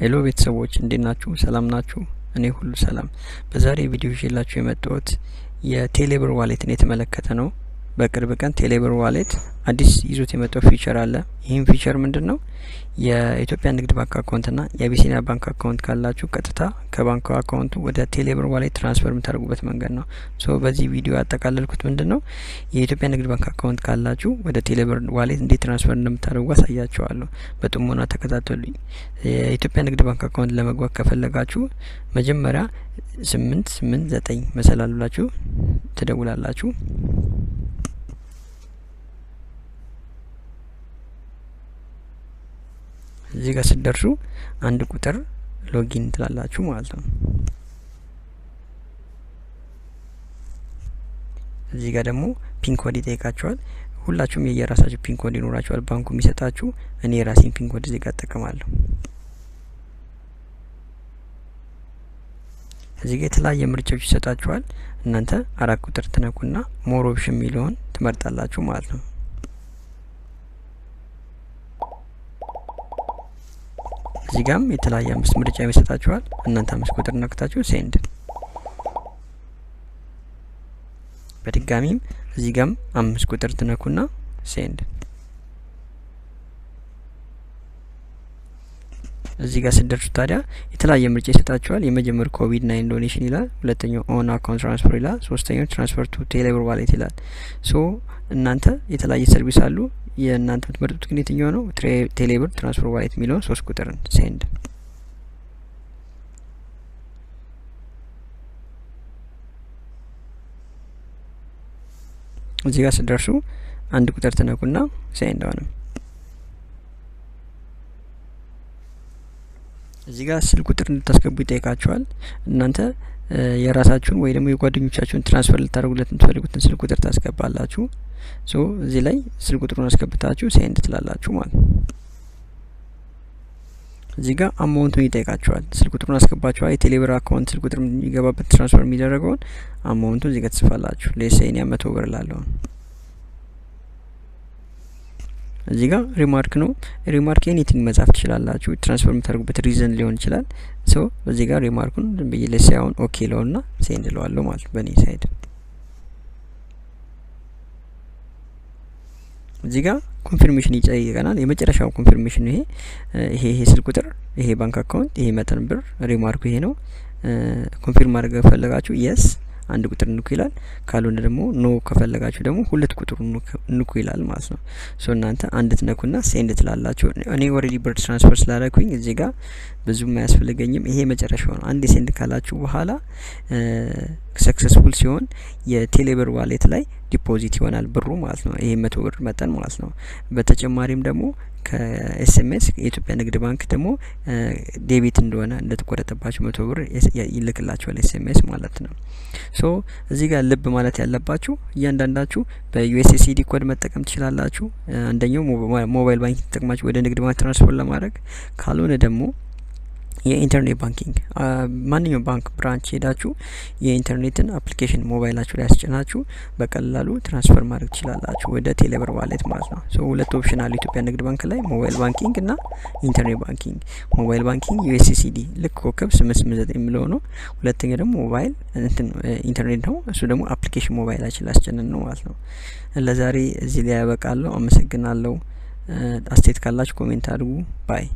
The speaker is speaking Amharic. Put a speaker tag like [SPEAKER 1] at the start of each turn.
[SPEAKER 1] ሄሎ ቤተሰቦች እንዴት ናችሁ? ሰላም ናችሁ? እኔ ሁሉ ሰላም። በዛሬ ቪዲዮ ላችሁ የመጣሁት የቴሌብር ዋሌትን የተመለከተ ነው። በቅርብ ቀን ቴሌብር ዋሌት አዲስ ይዞት የመጣው ፊቸር አለ። ይህም ፊቸር ምንድን ነው? የኢትዮጵያ ንግድ ባንክ አካውንትና የአቢሲኒያ ባንክ አካውንት ካላችሁ ቀጥታ ከባንክ አካውንቱ ወደ ቴሌብር ዋሌት ትራንስፈር የምታደርጉበት መንገድ ነው። ሶ በዚህ ቪዲዮ ያጠቃለልኩት ምንድን ነው የኢትዮጵያ ንግድ ባንክ አካውንት ካላችሁ ወደ ቴሌብር ዋሌት እንዴት ትራንስፈር እንደምታደርጉ አሳያችኋለሁ። በጥሞና ተከታተሉኝ። የኢትዮጵያ ንግድ ባንክ አካውንት ለመግባት ከፈለጋችሁ መጀመሪያ ስምንት ስምንት ዘጠኝ መሰላሉላችሁ ትደውላላችሁ እዚህ ጋር ስደርሱ አንድ ቁጥር ሎጊን ትላላችሁ ማለት ነው። እዚህ ጋር ደግሞ ፒንኮድ ይጠይቃችኋል። ሁላችሁም የየራሳችሁ ፒንኮድ ይኖራችኋል ባንኩ የሚሰጣችሁ። እኔ የራሴን ፒንኮድ እዚህ ጋር እጠቀማለሁ። እዚህ ጋር የተለያየ ምርጫዎች ይሰጣችኋል። እናንተ አራት ቁጥር ትነኩና ሞር ኦፕሽን የሚለውን ትመርጣላችሁ ማለት ነው። እዚህ ጋም የተለያየ አምስት ምርጫ ይሰጣችኋል። እናንተ አምስት ቁጥር ነክታችሁ ሴንድ። በድጋሚም እዚህ ጋም አምስት ቁጥር ትነኩና ሴንድ እዚህ ጋር ስደርሱ ታዲያ የተለያየ ምርጫ ይሰጣቸዋል። የመጀመሪያው ኮቪድ ናይን ዶኔሽን ይላል። ሁለተኛው ኦን አካውንት ትራንስፈር ይላል። ሶስተኛው ትራንስፈር ቱ ቴሌብር ዋሌት ይላል። ሶ እናንተ የተለያየ ሰርቪስ አሉ። የእናንተ የምትመርጡት ግን የትኛው ነው? ቴሌብር ትራንስፈር ዋሌት የሚለውን ሶስት ቁጥርን ሴንድ እዚህ ጋር ስደርሱ አንድ ቁጥር ትነኩና ሴንድ አሁንም እዚህ ጋር ስልክ ቁጥር እንድታስገቡ ይጠይቃችኋል። እናንተ የራሳችሁን ወይ ደግሞ የጓደኞቻችሁን ትራንስፈር ልታደርጉለት የምትፈልጉትን ስልክ ቁጥር ታስገባላችሁ። ሶ እዚህ ላይ ስልክ ቁጥሩን አስገብታችሁ ሴንድ ትላላችሁ ማለት ነው። እዚህ ጋር አማውንቱን ይጠይቃችኋል። ስልክ ቁጥሩን አስገባችኋል። የቴሌብር አካውንት ስልክ ቁጥር የሚገባበት ትራንስፈር የሚደረገውን አማውንቱን እዚህ ጋር ትጽፋላችሁ። ሌሴ እኔ መቶ ብር ላለውን እዚህ ጋር ሪማርክ ነው። ሪማርክ ኤኒቲንግ መጻፍ ትችላላችሁ። ትራንስፈር የምታደርጉበት ሪዝን ሊሆን ይችላል። ሶ በዚህ ጋር ሪማርኩን ብዬ ለሳይሆን ኦኬ ለውና ሴንድ ለዋለሁ ማለት በእኔ ሳይድ እዚህ ጋር ኮንፊርሜሽን ይጠይቀናል። የመጨረሻው ኮንፊርሜሽን ይሄ ይሄ ይሄ ስልክ ቁጥር፣ ይሄ ባንክ አካውንት፣ ይሄ መጠን ብር፣ ሪማርኩ ይሄ ነው። ኮንፊርም uh, ማድረግ ፈለጋችሁ የስ አንድ ቁጥር ንኩ ይላል። ካልሆነ ደግሞ ኖ ከፈለጋችሁ ደግሞ ሁለት ቁጥር ንኩ ይላል ማለት ነው። ሶ እናንተ አንድ ትነኩና ሴንድ ትላላችሁ። እኔ ኦልሬዲ በርድ ትራንስፈር ስላደረኩኝ እዚህ ጋር ብዙም አያስፈልገኝም። ይሄ መጨረሻው ነው። አንድ ሴንድ ካላችሁ በኋላ ሰክሰስፉል ሲሆን የቴሌብር ዋሌት ላይ ዲፖዚት ይሆናል ብሩ ማለት ነው። ይሄ መቶ ብር መጠን ማለት ነው። በተጨማሪም ደግሞ ከኤስኤምኤስ የኢትዮጵያ ንግድ ባንክ ደግሞ ዴቢት እንደሆነ እንደተቆረጠባቸው መቶ ብር ይልክላቸዋል ኤስኤምኤስ ማለት ነው። ሶ እዚህ ጋር ልብ ማለት ያለባችሁ እያንዳንዳችሁ በዩኤስኤስዲ ኮድ መጠቀም ትችላላችሁ። አንደኛው ሞባይል ባንክ ተጠቅማችሁ ወደ ንግድ ባንክ ትራንስፈር ለማድረግ ካልሆነ ደግሞ የኢንተርኔት ባንኪንግ ማንኛውም ባንክ ብራንች ሄዳችሁ የኢንተርኔትን አፕሊኬሽን ሞባይላችሁ ላይ ያስጭናችሁ በቀላሉ ትራንስፈር ማድረግ ትችላላችሁ ወደ ቴሌብር ዋሌት ማለት ነው። ሶ ሁለት ኦፕሽን አሉ ኢትዮጵያ ንግድ ባንክ ላይ ሞባይል ባንኪንግ እና ኢንተርኔት ባንኪንግ። ሞባይል ባንኪንግ ዩኤስሲሲዲ ልክ ኮከብ ስምንት ስምንት ዘጠኝ የሚለው ነው። ሁለተኛ ደግሞ ሞባይል እንትን ኢንተርኔት ነው። እሱ ደግሞ አፕሊኬሽን ሞባይላችን ላስጭንን ነው ማለት ነው። ለዛሬ እዚህ ላይ ያበቃለሁ። አመሰግናለሁ። አስተያየት ካላችሁ ኮሜንት አድርጉ። ባይ